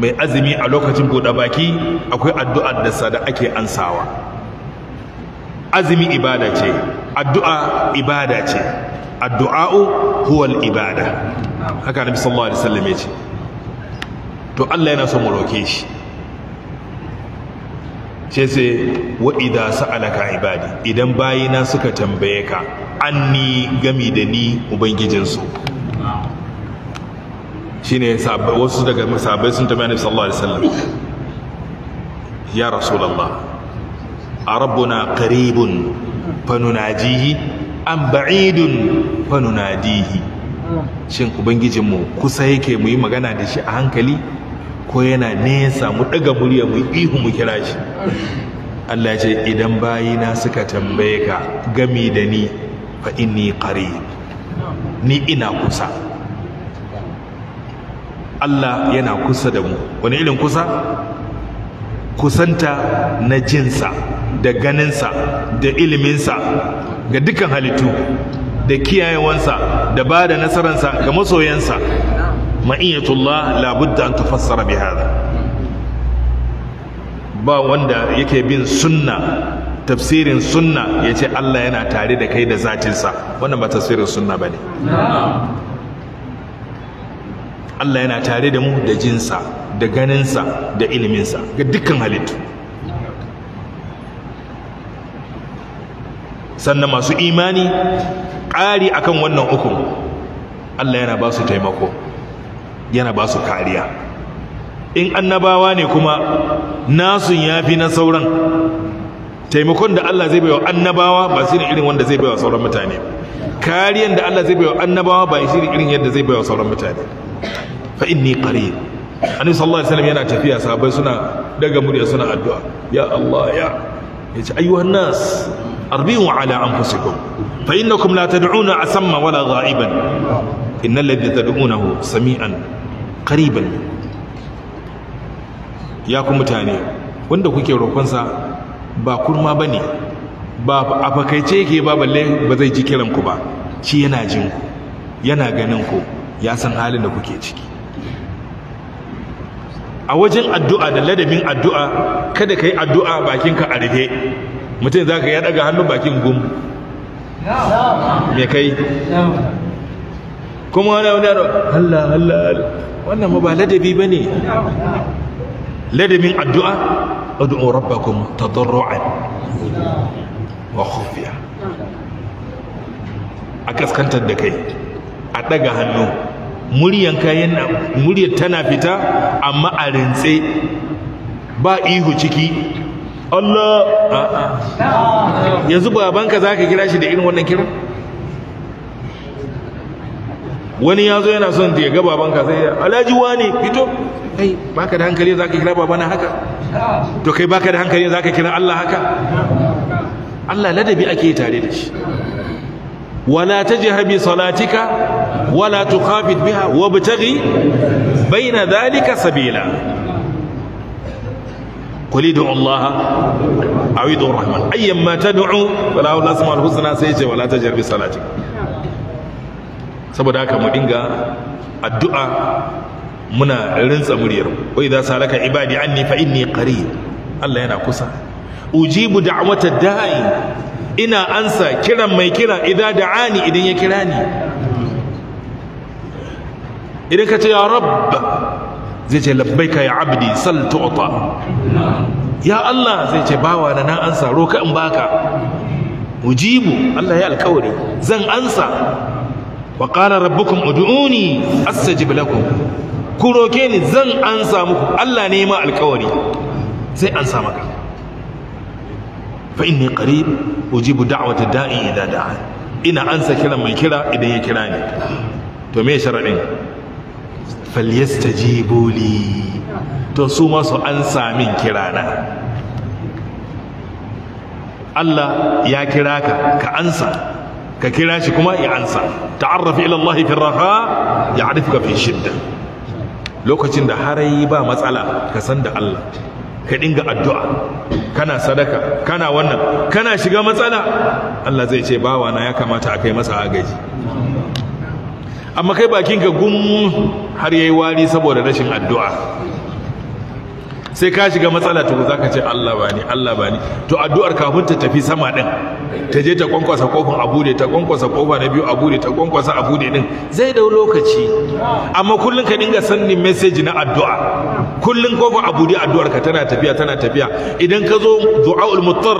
mai azumi a lokacin buɗe baki akwai addu'a da sada ake ansawa azumi ibada ce addu'a ibada ce addu'a'u huwal ibada haka nabi sallallahu alaihi wasallam yace to Allah yana son mu roke shi ce sai wa idza sa'alaka ibadi idan bayina suka tambaye ka anni gami da ni ubangijinsu shine wasu daga sahabbai sun tambaya Annabi sallallahu alaihi wasallam ya rasulullah arabuna qaribun fanunajihi am ba'idun fanunadihi shin mu kusa yake mu yi magana da shi a hankali ko yana nesa mu daga murya mu ihu mu kira shi Allah ya ce idan bayina suka tambaye ka gami da ni fa inni qarib ni ina kusa Allah yana kusa da mu wani irin kusa kusanta na jinsa da ganinsa da iliminsa ga dukkan halittu da kiyayewansa da ba da nasararsa ga masoyansa ma'iyatullah labudda an tafassara bi hada ba wanda yake bin sunna tafsirin sunna ya ce Allah yana tare da kai da zatinsa wannan ba tafsirin sunna ba ne Allah yana tare da mu da jinsa da ganinsa da iliminsa ga dukkan halittu sannan masu imani ƙari akan wannan ukun Allah yana ba su taimako yana ba su kariya in annabawa ne kuma nasun yafi na sauran taimakon da Allah zai baiwa annabawa ba shi ne irin wanda zai baiwa sauran mutane kariyan da Allah zai baiwa annabawa ba shi ne irin yadda zai baiwa sauran mutane fa inni qarib annabi sallallahu alaihi wasallam yana tafiya sahabbai suna daga murya suna addu'a ya Allah ya yace ayyuhan nas arbiu ala anfusikum fa innakum la tad'una asamma wala ghaiban innal ladhi tad'unahu sami'an qariban ya ku mutane wanda kuke roƙonsa ba kurma bane ba a fakaice yake ba balle ba zai ji kiran ku ba shi yana jin ku yana ganin ku ya san halin da kuke ciki a wajen addu'a da ladabin addu'a kada ka yi addu'a bakinka a rufe mutum za ka ya daga hannun bakin gum me kai kuma wani wani Allah Allah wannan ma ba ladabi ba ne ladabin addu'a addu'o rabbakum tadarru'an wa khufiya a kaskantar da kai a ɗaga hannu muryan kayan muryar tana fita amma a rintse ba ihu ciki Allah yanzu babanka za ka kira shi da irin wannan kiran wani ya zo yana son ya ga babanka sai ya alhaji wani fito kai baka da hankali za ka kira babana haka to kai baka da hankali za ka kira Allah haka Allah ladabi ake tare da shi wala ta jihabi salatika wala tukhafit biha wabtaghi baina dhalika sabila قل ادعوا الله او ادعوا الرحمن ايما الاسماء الحسنى سيجي ولا بصلاتك saboda haka mu dinga addu'a muna rinsa muryar wa idza salaka ibadi anni fa inni qarib Allah yana kusa ujibu da'watad da'i ina ansa kiran mai kira idza da'ani idan ya kira ni idan ka ce ya rabb zai ce ka ya abdi sal tu'ta ya Allah zai ce bawa na na ansa roka in baka mujibu Allah ya alkawari zan ansa wa qala rabbukum ud'uni astajib lakum ku roke ni zan ansa muku Allah ne ma alkawari zai ansa maka fa inni qarib ujibu da'wata da'i idza da'a ina ansa kiran mai kira idan ya kira ne to me sharadin falyastajibu li to su ma su ansa min kirana Allah ya kira ka ka ansa ka kira shi kuma ya ansa ta'arrafi ila Allah fi raha ya'rifuka fi shidda lokacin da harai ba matsala ka san da Allah ka dinga addu'a kana sadaka kana wannan kana shiga matsala Allah zai ce bawana ya kamata a kai masa agaji amma kai bakin ka gum har yayi wari saboda rashin addu'a sai ka shiga matsala to zaka ce Allah bani Allah bani to addu'ar kafin ta tafi sama din ta je ta kwankwasa kofin a bude ta kwankwasa kofa na biyu a bude ta kwankwasa a bude din zai dau lokaci amma kullun ka dinga sanni message na addu'a kullun kofin a bude addu'ar ka tana tafiya tana tafiya idan ka zo du'aul muttar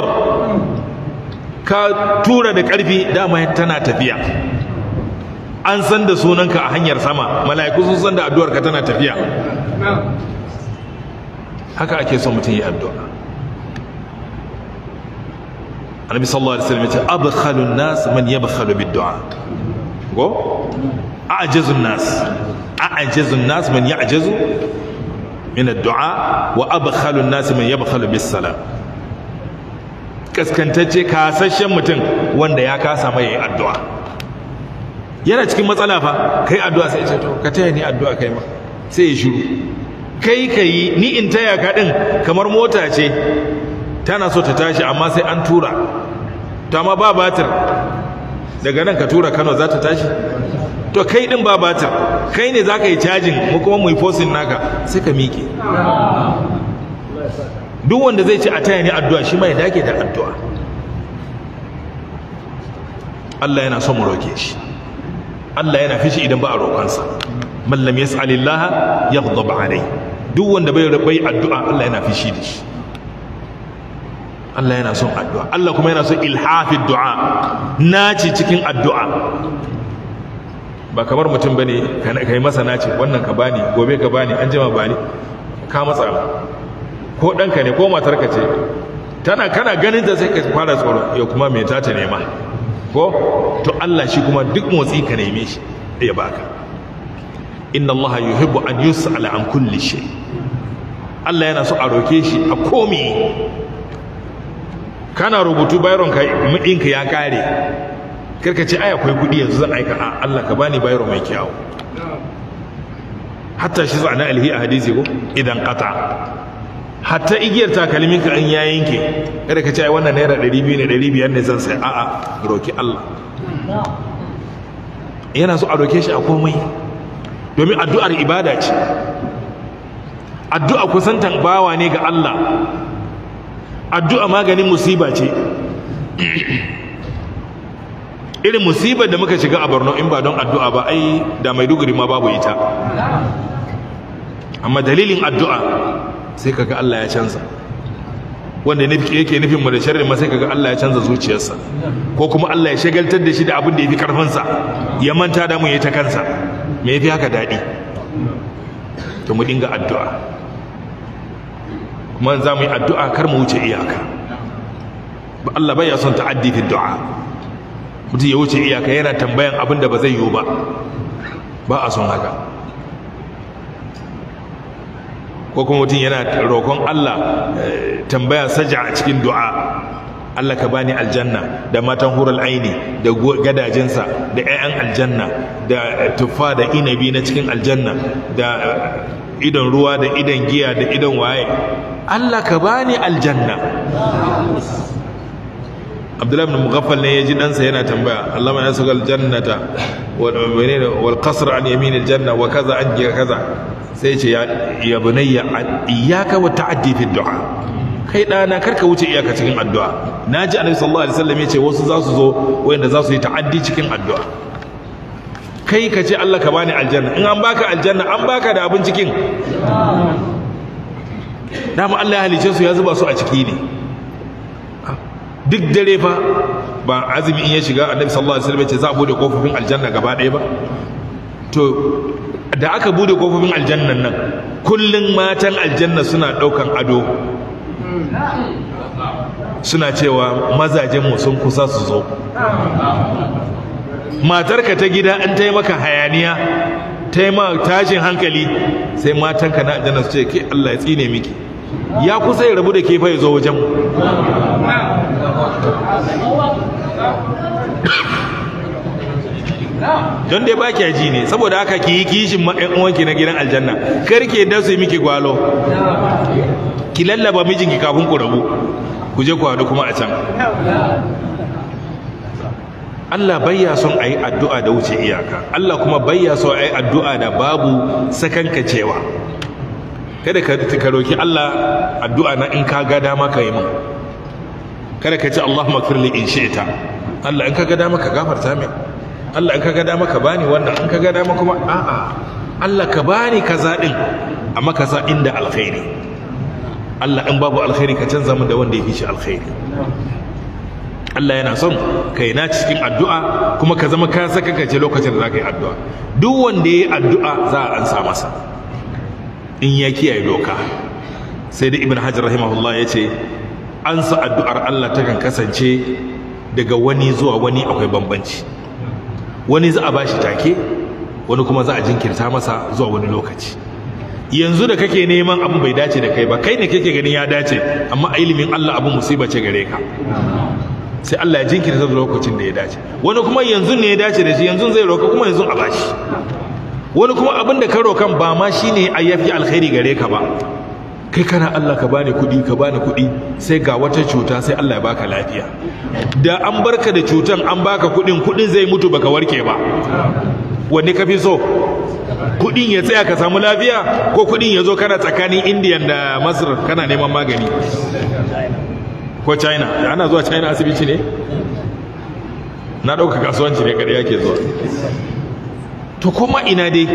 ka tura da karfi dama tana tafiya an san da sunanka a hanyar sama mala'iku sun san da addu'arka tana tafiya haka ake son mutum yi addu'a annabi sallallahu alaihi wasallam ya ce abkhalun nas man yabkhalu bid-du'a go a'jazun nas a'jazun nas man ya'jazu min ad-du'a wa abkhalun nas man yabkhalu bis-salam kaskantacce kasashen mutum wanda ya kasa mai addu'a yana cikin matsala fa kai addu'a sai ce to ka taya ni addu'a kai ma sai ya shiru kai kai ni in taya ka din kamar mota ce tana so ta tashi amma sai an tura to amma ba batir daga nan ka tura Kano za ta tashi to kai din ba batir kai ne zaka yi cajin mu kuma mu yi forcing naka sai ka miƙe duk wanda zai ci a taya ni addu'a shi ma ya dake da addu'a Allah yana son mu roke shi Allah yana fishi idan ba a roƙonsa mallam yas'alillah yaghdab alai duk wanda bai bai addu'a Allah yana fishi da shi Allah yana son addu'a Allah kuma yana son ilhafi du'a naci cikin addu'a ba kamar mutum bane yi masa naci wannan ka bani gobe ka bani an jima bani ka matsa ko ɗanka ne ko matarka ce tana kana ganin ta sai ka fara tsoro ya kuma me ta ta nema ko to Allah shi kuma duk motsi ka neme shi ya baka inna Allah yuhibbu an yus'ala an kulli shay Allah yana so a roke shi a komi kana rubutu bayron kai mudin ka ya kare karka ce ai akwai kudi yanzu zan aika a Allah ka bani bayron mai kyau. hatta shi za'ana alhi a hadisi ko idan qata hatta igiyar takalmin ka in ya yanke kada ka ce ai wannan naira 200 ne 500 ne zan sai a'a roki Allah yana so a roke shi a komai domin addu'ar ibada ce addu'a kusantan bawa ne ga Allah addu'a maganin musiba ce irin musibar da muka shiga a Borno in ba don addu'a ba ai da Maiduguri ma babu ita amma dalilin addu'a sai kaga Allah ya canza wanda yake nufin mu da sharri ma sai kaga Allah ya canza zuciyarsa ko kuma Allah ya shagaltar da shi da abin da yafi karfin sa ya manta da mu yayi ta kansa me yafi haka dadi to mu dinga addu'a kuma za mu yi addu'a kar mu wuce iyaka Allah bai son ta'addi fi du'a mutum ya wuce iyaka yana tambayan abin da ba zai yiwu ba ba a son haka ko kuma mutum yana roƙon Allah tambaya saja a cikin du'a Allah ka bani aljanna da matan hural aini da gadajensa da 'ya'yan aljanna da tuffa da inabi na cikin aljanna da idon ruwa da idon giya da idon waye Allah ka bani aljanna abdullahi ibn mughaffal ne yaji dansa yana tambaya allama ya jannata wal qasr an yamin al wa kaza an kaza sai ce ya bunayya ya wa ta'addi fi du'a kai dana karka wuce iyaka cikin addu'a naji annabi sallallahu alaihi wasallam yace wasu za su zo wanda za su yi ta'addi cikin addu'a kai ka ce Allah ka bani aljanna in an baka aljanna an baka da abin cikin dama Allah ya halice su ya zuba su a ciki ne duk dare fa ba azumi in ya shiga annabi sallallahu alaihi wasallam ya ce za a bude kofofin aljanna gaba ɗaya ba to da aka bude kofofin aljannan nan kullun matan aljanna suna daukan ado suna cewa mazajenmu sun kusa su zo matarka ta gida an ta maka hayaniya ta ma tashin hankali sai matanka na aljanna su ce ke Allah ya tsine miki ya kusa ya rabu da ke fa ya zo wajen don dai ba kya ji ne saboda haka ki yi kishin ma'yan uwanki na gidan aljanna kar ke da su miki gwalo ki lallaba mijinki kafin ku rabu ku je ku haɗu kuma a can Allah bayya son a yi addu'a da wuce iyaka Allah kuma bayya son a yi addu'a da babu sakanka cewa, kada ka roki Allah addu'a na in ka ga dama ka yi min kada ka ce Allahumma firli in shi'ta Allah in ka ga dama ka gafarta min Allah in ka ga dama ka bani wannan in ka ga dama kuma a'a Allah ka bani kaza din amma kaza inda alkhairi Allah in babu alkhairi ka canza min da wanda ya fi shi alkhairi Allah yana son ka na cikin addu'a kuma ka zama ka saka je lokacin da za ka yi addu'a duk wanda ya yi addu'a za a ansa masa in ya kiyaye doka sai da ibn hajar rahimahullah ya ce ansa addu'ar Allah takan kasance daga wani zuwa wani akwai bambanci wani za a bashi take wani kuma za a jinkirta masa zuwa wani lokaci yanzu da kake neman abin bai dace da kai ba kai ne kake ganin ya dace amma a ilimin Allah abu musiba ce gare ka sai Allah ya jinkirta zuwa lokacin da ya dace wani kuma yanzu ne ya dace da shi yanzu zai roka kuma yanzu a bashi wani kuma abin da ka rokan ba ma shine ayyafi alkhairi gare ka ba kai kana Allah ka bani kuɗi ka bani kuɗi sai ga wata cuta sai Allah ya baka lafiya da an barka da cutan an baka kuɗin kuɗin zai mutu baka warke ba wanne ka fi so kuɗin ya tsaya ka samu lafiya ko kuɗin ya zo kana tsakanin Indiya da masar kana neman magani ko china ana zuwa china asibiti ne na ɗauka kasuwanci ne ƙarya ke zuwa to kuma ina dai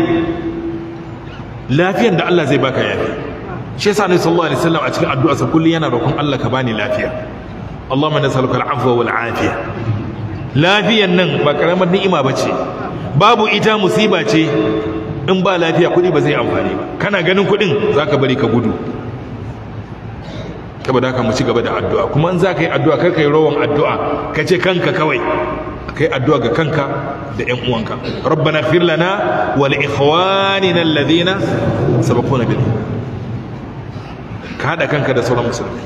lafiyan da Allah zai baka yafi shi yasa ne sallallahu alaihi wasallam a cikin addu'a sa kullun yana roƙon Allah ka bani lafiya Allahumma nas'aluka al-afwa wal afiya lafiyan nan ba karamar ni'ima bace babu ita musiba ce in ba lafiya kudi ba zai amfani ba kana ganin kudin zaka bari ka gudu saboda haka mu ci gaba da addu'a kuma in zaka yi addu'a kar kai rawan addu'a ka ce kanka kawai kai addu'a ga kanka da ƴan uwanka rabbana ighfir lana wa ikhwanina alladhina sabaquna bil ka haɗa kanka da sauran musulmai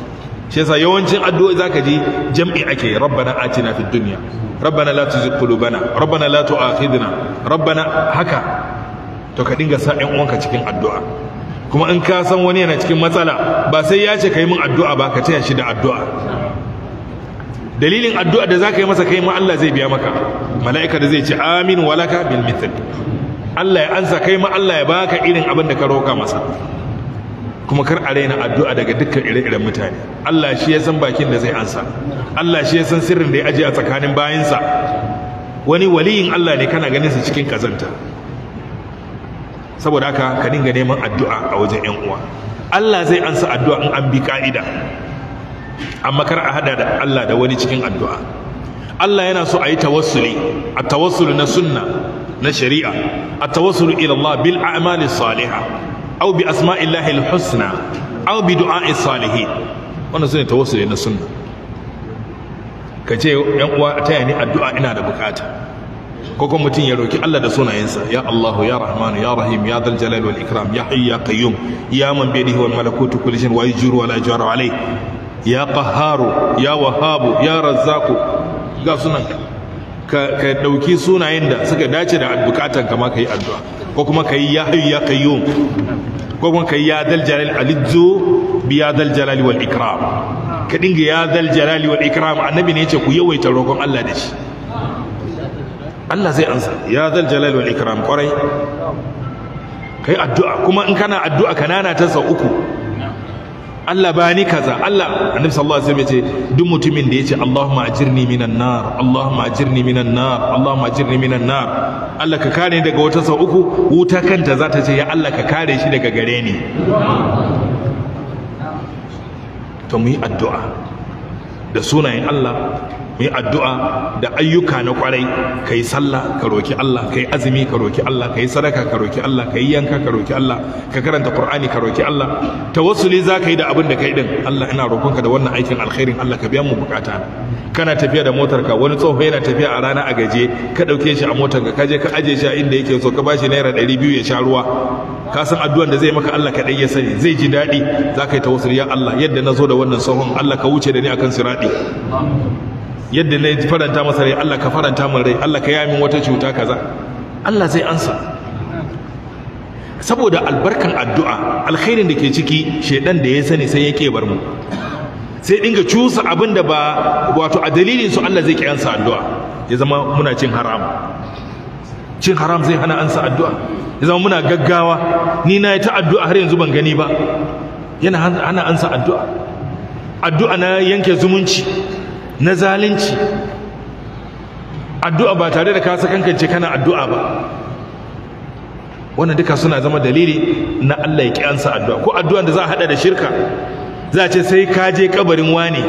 shi yasa yawancin addu'o'i zaka ji jam'i ake rabbana atina fid dunya rabbana la tuzigh qulubana rabbana la tu'akhidna rabbana haka to ka dinga sa ɗan uwanka cikin addu'a kuma in ka san wani yana cikin matsala ba sai ya ce yi min addu'a ba ka taya shi da addu'a dalilin addu'a da zaka yi masa kai ma Allah zai biya maka mala'ika da zai ce amin walaka bil mithl Allah ya ansa kai ma Allah ya baka irin abin da ka roka masa kuma kar a raina addu'a daga dukkan ire-iren mutane Allah shi ya san bakin da zai ansa Allah shi ya san sirrin da ya aje a tsakanin bayansa wani waliyin Allah ne kana ganin sa cikin kazanta saboda haka ka dinga neman addu'a a wajen yan uwa Allah zai ansa addu'a in an bi ka'ida amma kar a hada da Allah da wani cikin addu'a Allah yana so a yi tawassuli a tawassulu na sunna na shari'a a tawassul ila Allah bil a'mali salihah aw bi asma'illahi al aubi aw bi du'a'i salihin wannan sune tawassuli na sunna kace yan uwa taya ni addu'a ina da bukata Koko mutum ya roki Allah da sunayensa ya Allahu ya Rahman ya Rahim ya Dhal Jalal wal Ikram ya Hayy ya Qayyum ya man bi yadihi wal malakutu kulli shay'in wa wa la alayh ya Qahhar ya Wahhab ya Razzaq ga sunan ka ka dauki sunayen da suka dace da bukatanka ma kai addu'a ko kuma ka yi ya hayyu eh, ya qayyum ko kuma ka yi ya dal jalali alizu bi ya dal jalali wal ikram ka dinga ya dal jalali wal ikram annabi ne yace ku yawaita rokon Allah da shi Allah zai ansa ya dal jalali wal ikram kwarai kai addu'a kuma in kana addu'a kanana ta sau uku Allah bani kaza Allah annabi sallallahu alaihi wasallam yace duk mutumin da yace Allahumma ajirni minan nar Allahumma ajirni minan nar Allahumma ajirni minan nar Allah ka kare ni daga wata sau uku wuta kanta za ta ce ya Allah ka kare shi daga gare ni to mu yi addu'a da sunayen Allah Mai addu'a da ayyuka na kwarai ka yi sallah ka roki Allah ka yi azumi ka roki Allah ka yi sadaka ka roki Allah ka yi yanka ka roki Allah ka karanta Qur'ani ka roki Allah ta ne za ka yi da abin da yi din Allah ina roƙonka da wannan aikin alkhairin Allah ka biya mu bukata kana tafiya da motar ka wani tsoho yana tafiya a rana a gaje ka ɗauke shi a motar ka je ka aje shi a inda yake so ka bashi naira ɗari biyu ya sha ruwa ka san addu'an da zai maka Allah kaɗai ya sani zai ji daɗi za ka yi ta wasu ya Allah yadda na zo da wannan tsohon Allah ka wuce da ni akan siradi yadda na faranta masa rai Allah ka faranta min rai Allah ka yamin wata cuta kaza Allah zai ansa saboda albarkan addu'a alkhairin da ke ciki shedan da ya sani sai ya bar mu sai dinga cusa abin da ba wato a dalilin su Allah zai ki ansa addu'a ya zama muna cin haram cin haram zai hana ansa addu'a ya zama muna gaggawa ni na yi ta addu'a har yanzu ban gani ba yana hana ansa addu'a addu'a na yanke zumunci na zalunci addu'a ba tare da ka sakankance kana addu'a ba wannan duka suna zama dalili na Allah ya kiyansa addu'a ko addu'a da za a hada da shirka za a ce sai ka je kabarin wane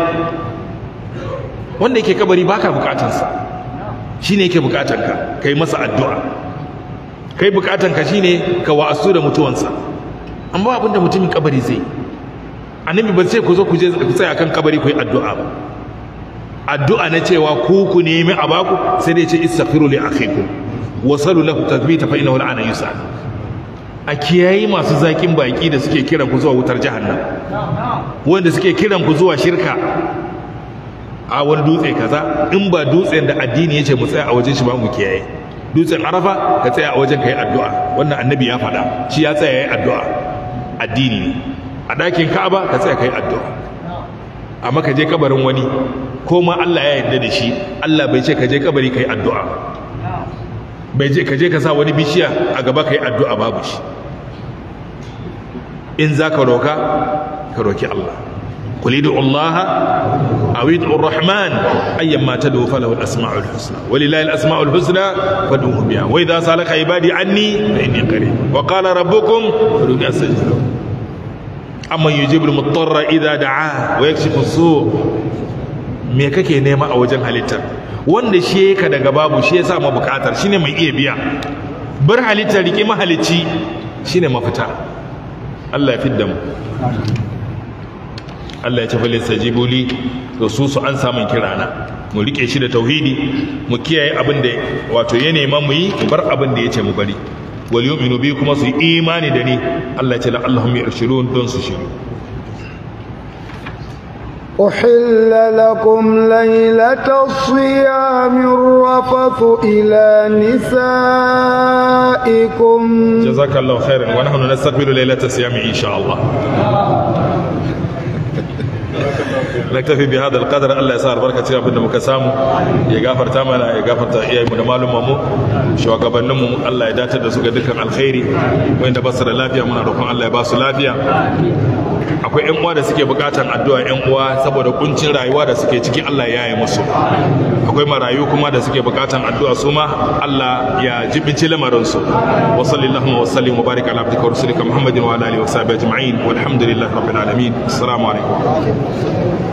wanda yake kabari baka bukatansa shine yake bukatanka kai masa addu'a kai bukatanka shine ka wa'asu da mutuwansa amma abinda mutumin kabari zai annabi ba sai ku zo ku je ku tsaya kan kabari ku yi addu'a ba addu'a na cewa ku ku nemi a baku sai dai ce istaghfiru li akhikum wasalu lahu tathbita fa innahu al'ana yusa a kiyayi masu zakin baki da suke kiran ku zuwa wutar jahannam wanda suke kiran ku zuwa shirka a wani dutse kaza in ba dutsen da addini yace mu tsaya a wajen shi ba mu kiyaye dutsen arafa ka tsaya a wajen ka yi addu'a wannan annabi ya faɗa shi ya tsaya ya yi addu'a addini a ɗakin ka'aba ka tsaya ka yi addu'a amma ka je kabarin wani Ko ma Allah ya yarda da shi Allah bai ce ka je kabari kai addu'a bai je ka je ka sa wani bishiya a gaba kai addu'a babu shi in za ka roka ka roki Allah kulidu Allah awidu Rahman ayyan mata da wufa lawal husna wali layin asma'ul husna fadun hubiya wai za sa laka ibadi anni da inda kare wa kala rabukum fadun asajiru amma yujibul mutarra idada a wa me kake nema a wajen halittar wanda shi ka daga babu shi ya sa ma bukatar shine mai iya biya bar halittar riƙe mahalicci shine mafita Allah ya fidda mu Allah ya ce falin da su su an samun kirana mu rike shi da tauhidi mu kiyaye abin da wato ya nema mu yi mu bar abin da ya ce mu bari wal yu'minu bi kuma su imani da ni Allah ya ce la allahumma yarshudun don su shiru أحل لكم ليلة الصيام الرفث إلى نسائكم جزاك الله خيرا ونحن نستقبل ليلة الصيام إن شاء الله نكتفي بهذا القدر الله يسار بركة يا ابن مكسام يغفر تامنا يغفر تأيي من معلوم مو شو قبل نمو الله يداتر دسوك دكا الخيري وين بصر لافيا من روحنا الله يباسو لافيا akwai yan uwa da suke bukatan addu'a yan uwa saboda kuncin rayuwa da suke ciki Allah ya yi musu akwai marayu kuma da suke bukatan addu'a su ma Allah ya jibinci lamarin su wa sallallahu wa sallim wa baraka ala abdika rasulika muhammadin wa ala alihi wa sahbihi ajma'in walhamdulillahi rabbil alamin assalamu alaikum